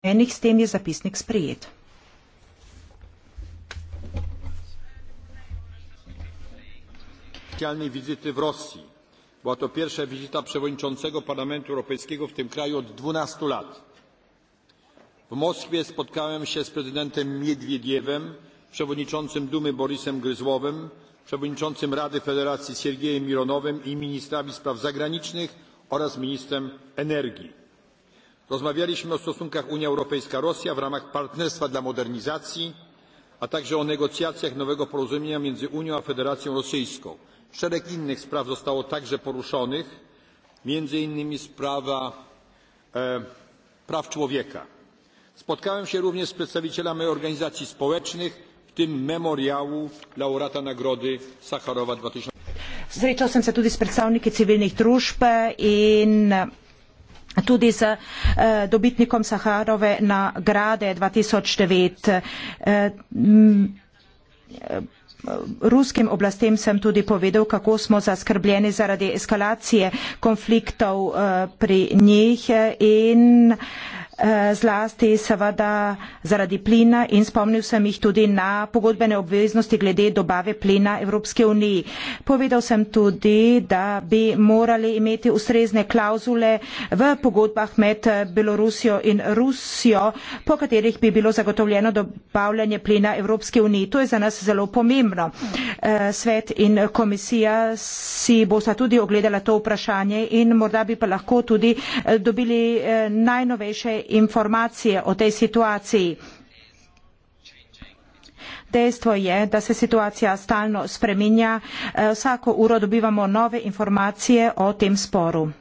Enih s tem je zapisnik sprejet. Specialne vizite v Rosiji. Bila to prva vizita predsedujočega parlamentu Evropskega v tem kraju od 12 let. V Moskvi spotkavam se s predsednikom Medvedjevem, predsednikom Dume Borisom Grizlovem, predsednikom Rade Federacije Sergejem Mironovem in ministrami sprav zagraničnih oraz ministrom energije rozmawialiśmy o stosunkach unia europejska rosja w ramach partnerstwa dla modernizacji a także o negocjacjach nowego porozumienia między unią a federacją rosyjską. szereg innych spraw zostało także poruszonych między innymi sprawa e, praw człowieka. spotkałem się również z przedstawicielami organizacji społecznych w tym memoriału laureata nagrody sacharowa. dwa tysiące osiemnaście srećao sam se tudi s predstavniki civilnih družb tudi z eh, dobitnikom Saharove nagrade 2009. Eh, eh, Ruskim oblastem sem tudi povedal, kako smo zaskrbljeni zaradi eskalacije konfliktov eh, pri njih eh, in Eh, zlasti seveda zaradi plina in spomnil sem jih tudi na pogodbene obveznosti glede dobave plina Evropske unije. Povedal sem tudi, da bi morali imeti ustrezne klauzule v pogodbah med eh, Belorusijo in Rusijo, po katerih bi bilo zagotovljeno dobavljanje plina Evropske unije. To je za nas zelo pomembno. Eh, svet in komisija si bosta tudi ogledala to vprašanje in morda bi pa lahko tudi dobili najnovejše informacije o tej situaciji. Dejstvo je, da se situacija stalno spreminja, eh, vsako uro dobivamo nove informacije o tem sporu.